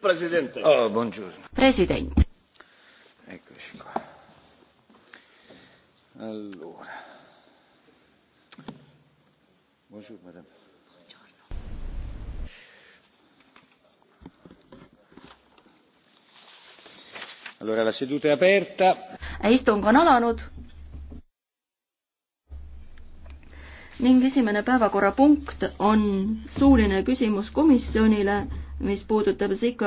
president. Oh, president. eccoci qua. allora. Bonjour, madame. Buongiorno. allora la seduta è aperta. istung on alanud. ning esimene päevakorrapunkt on suuline küsimus komisjonile, mis puudutab Zika